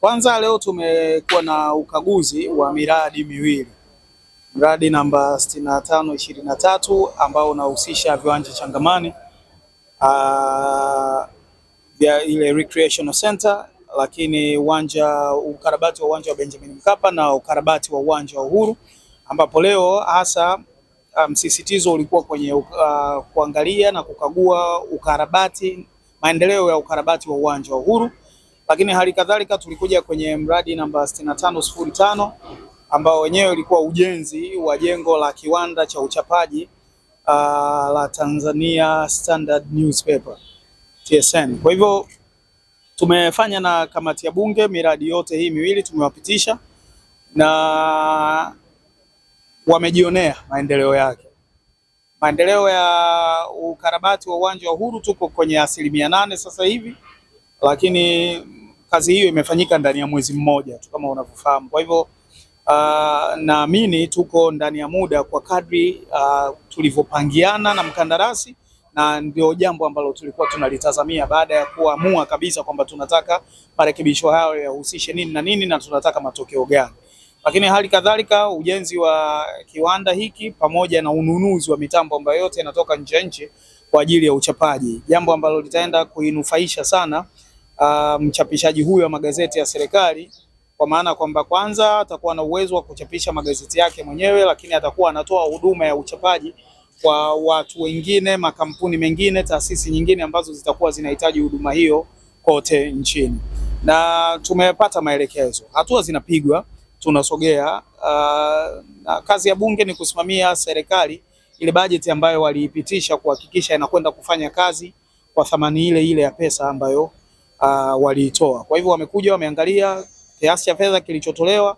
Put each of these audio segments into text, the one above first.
Kwanza leo tumekuwa na ukaguzi wa miradi miwili, mradi namba 65 23 ambao unahusisha viwanja changamani uh, ah, vya ile recreational center, lakini uwanja ukarabati wa uwanja wa Benjamin Mkapa na ukarabati wa uwanja wa Uhuru, ambapo leo hasa ah, msisitizo um, ulikuwa kwenye uh, kuangalia na kukagua ukarabati, maendeleo ya ukarabati wa uwanja wa Uhuru lakini hali kadhalika tulikuja kwenye mradi namba 6505 ambao wenyewe ulikuwa ujenzi wa jengo la kiwanda cha uchapaji uh, la Tanzania Standard Newspaper TSN. Kwa hivyo tumefanya na kamati ya bunge miradi yote hii miwili tumewapitisha na wamejionea maendeleo yake. Maendeleo ya ukarabati wa uwanja wa Uhuru tuko kwenye asilimia nane sasa hivi, lakini kazi hiyo imefanyika ndani ya mwezi mmoja tu kama unavyofahamu. Kwa hivyo uh, naamini tuko ndani ya muda kwa kadri uh, tulivyopangiana na mkandarasi na ndio jambo ambalo tulikuwa tunalitazamia baada ya kuamua kabisa kwamba tunataka marekebisho hayo yahusishe nini na nini na tunataka matokeo gani. Lakini hali kadhalika ujenzi wa kiwanda hiki pamoja na ununuzi wa mitambo ambayo yote inatoka nje ya nchi kwa ajili ya uchapaji, jambo ambalo litaenda kuinufaisha sana mchapishaji uh, mchapishaji huyo wa magazeti ya serikali, kwa maana kwamba kwanza atakuwa na uwezo wa kuchapisha magazeti yake mwenyewe, lakini atakuwa anatoa huduma ya uchapaji kwa watu wengine, makampuni mengine, taasisi nyingine ambazo zitakuwa zinahitaji huduma hiyo kote nchini. Na tumepata maelekezo, hatua zinapigwa, tunasogea. Uh, na kazi ya bunge ni kusimamia serikali ile bajeti ambayo waliipitisha kuhakikisha inakwenda kufanya kazi kwa thamani ile ile ya pesa ambayo uh, waliitoa. Kwa hivyo wamekuja wameangalia kiasi cha fedha kilichotolewa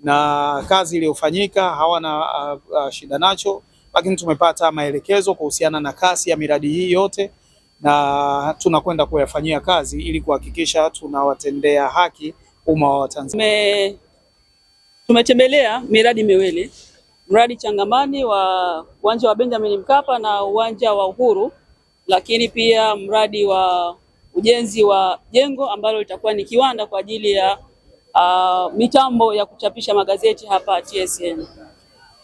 na kazi iliyofanyika, hawana uh, uh, shida nacho, lakini tumepata maelekezo kuhusiana na kasi ya miradi hii yote na tunakwenda kuyafanyia kazi ili kuhakikisha tunawatendea haki umma wa Tanzania. Me, tumetembelea miradi miwili, mradi changamani wa uwanja wa Benjamin Mkapa na uwanja wa Uhuru, lakini pia mradi wa ujenzi wa jengo ambalo litakuwa ni kiwanda kwa ajili ya uh, mitambo ya kuchapisha magazeti hapa TSN.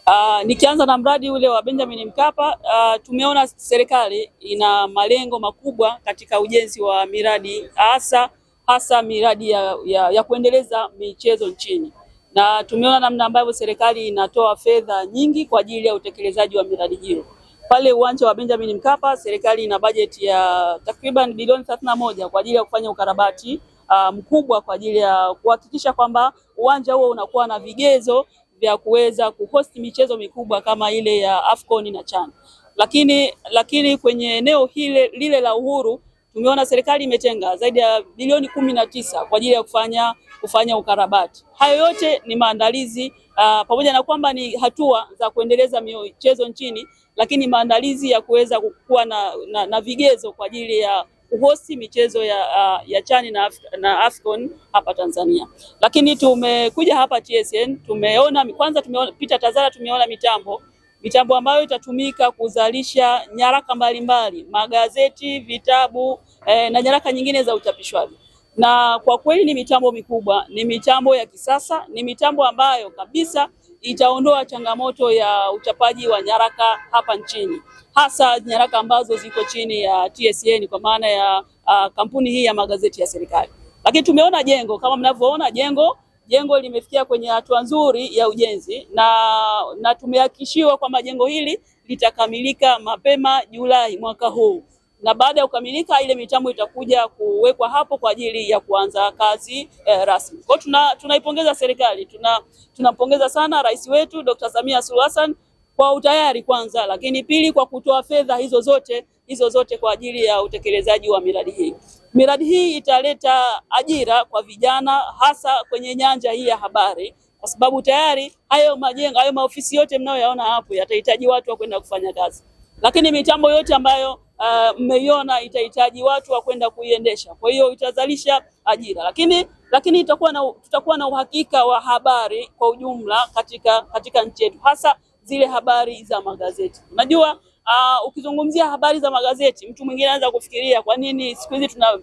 Uh, nikianza na mradi ule wa Benjamin Mkapa uh, tumeona serikali ina malengo makubwa katika ujenzi wa miradi hasa hasa miradi ya, ya, ya kuendeleza michezo nchini, na tumeona namna ambavyo serikali inatoa fedha nyingi kwa ajili ya utekelezaji wa miradi hiyo pale uwanja wa Benjamin Mkapa, serikali ina bajeti ya takriban bilioni thelathini na moja kwa ajili ya kufanya ukarabati uh, mkubwa kwa ajili ya kuhakikisha kwamba uwanja huo unakuwa na vigezo vya kuweza kuhost michezo mikubwa kama ile ya Afcon na CHAN. Lakini lakini kwenye eneo hile lile la Uhuru tumeona serikali imetenga zaidi ya bilioni kumi na tisa kwa ajili ya kufanya kufanya ukarabati. Hayo yote ni maandalizi uh, pamoja na kwamba ni hatua za kuendeleza michezo nchini, lakini maandalizi ya kuweza kuwa na, na, na vigezo kwa ajili ya kuhosi michezo ya, uh, ya Chani na, Af na Afcon hapa Tanzania. Lakini tumekuja hapa TSN tumeona kwanza, tumepita Tazara, tumeona mitambo mitambo ambayo itatumika kuzalisha nyaraka mbalimbali, magazeti, vitabu eh, na nyaraka nyingine za uchapishwaji. Na kwa kweli ni mitambo mikubwa, ni mitambo ya kisasa, ni mitambo ambayo kabisa itaondoa changamoto ya uchapaji wa nyaraka hapa nchini, hasa nyaraka ambazo ziko chini ya TSN kwa maana ya uh, kampuni hii ya magazeti ya serikali. Lakini tumeona jengo kama mnavyoona jengo jengo limefikia kwenye hatua nzuri ya ujenzi na, na tumehakikishiwa kwamba jengo hili litakamilika mapema Julai mwaka huu, na baada ya kukamilika ile mitambo itakuja kuwekwa hapo kwa ajili ya kuanza kazi eh, rasmi. Kwa tuna tunaipongeza serikali, tuna tunampongeza sana rais wetu Dr. Samia Suluhu Hassan kwa utayari kwanza, lakini pili kwa kutoa fedha hizo zote hizo zote kwa ajili ya utekelezaji wa miradi hii. Miradi hii italeta ajira kwa vijana hasa kwenye nyanja hii ya habari, kwa sababu tayari hayo majengo, hayo maofisi yote mnayoyaona hapo yatahitaji watu wa kwenda kufanya kazi, lakini mitambo yote ambayo eh, mmeiona itahitaji watu wa kwenda kuiendesha, kwa hiyo itazalisha ajira, lakini lakini itakuwa na, tutakuwa na uhakika wa habari kwa ujumla katika, katika nchi yetu hasa zile habari za magazeti unajua Uh, ukizungumzia habari za magazeti, mtu mwingine anaweza kufikiria kwa nini siku hizi tuna,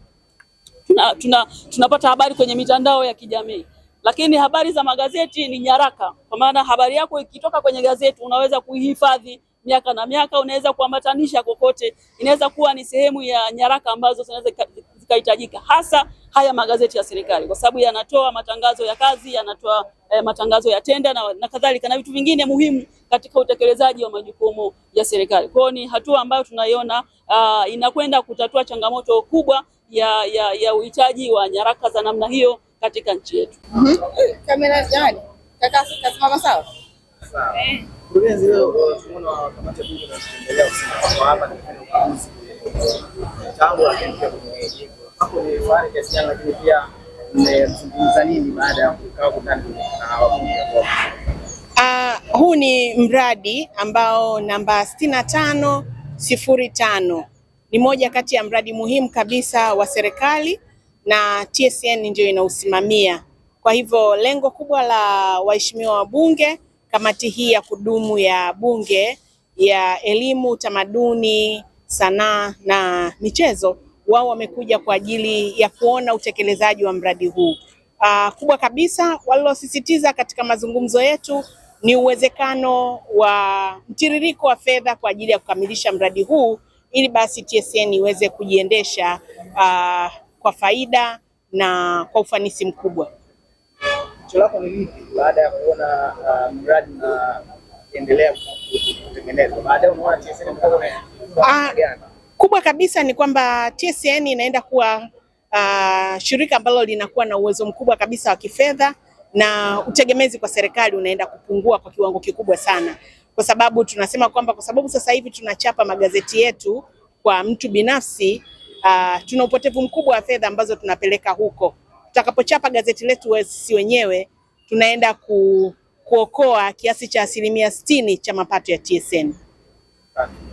tuna, tuna, tunapata habari kwenye mitandao ya kijamii, lakini habari za magazeti ni nyaraka. Kwa maana habari yako ikitoka kwenye gazeti unaweza kuihifadhi miaka na miaka, unaweza kuambatanisha kokote, inaweza kuwa ni sehemu ya nyaraka ambazo zinaweza zikahitajika hasa haya magazeti ya serikali, kwa sababu yanatoa matangazo ya kazi, yanatoa eh, matangazo ya tenda na, na kadhalika na vitu vingine muhimu katika utekelezaji wa majukumu ya serikali. Kwa hiyo ni hatua ambayo tunaiona uh, inakwenda kutatua changamoto kubwa ya, ya, ya uhitaji wa nyaraka za namna hiyo katika nchi yetu. Mhm. Kamera gani? Kaka kasimama sawa? Sawa. Eh hapo ni fahari kiasi gani, lakini pia mmezungumza nini baada ya kukaa na wabunge wa Uh, huu ni mradi ambao namba sitini na tano sifuri tano ni moja kati ya mradi muhimu kabisa wa serikali na TSN ndio inausimamia. Kwa hivyo lengo kubwa la waheshimiwa wabunge, kamati hii ya kudumu ya bunge ya elimu, utamaduni, sanaa na michezo wao wamekuja kwa ajili ya kuona utekelezaji wa mradi huu. Uh, kubwa kabisa walilosisitiza katika mazungumzo yetu ni uwezekano wa mtiririko wa fedha kwa ajili ya kukamilisha mradi huu ili basi TSN iweze kujiendesha uh, kwa faida na kwa ufanisi mkubwa. Jicho lako ni lipi baada ya kuona uh, mradi unaendelea kutengenezwa? Baada ya kuona TSN uh, kubwa kabisa ni kwamba tsn inaenda kuwa uh, shirika ambalo linakuwa na uwezo mkubwa kabisa wa kifedha na utegemezi kwa serikali unaenda kupungua kwa kiwango kikubwa sana, kwa sababu tunasema kwamba kwa sababu sasa hivi tunachapa magazeti yetu kwa mtu binafsi uh, tuna upotevu mkubwa wa fedha ambazo tunapeleka huko. Tutakapochapa gazeti letu sisi wenyewe tunaenda ku, kuokoa kiasi cha asilimia sitini cha mapato ya TSN.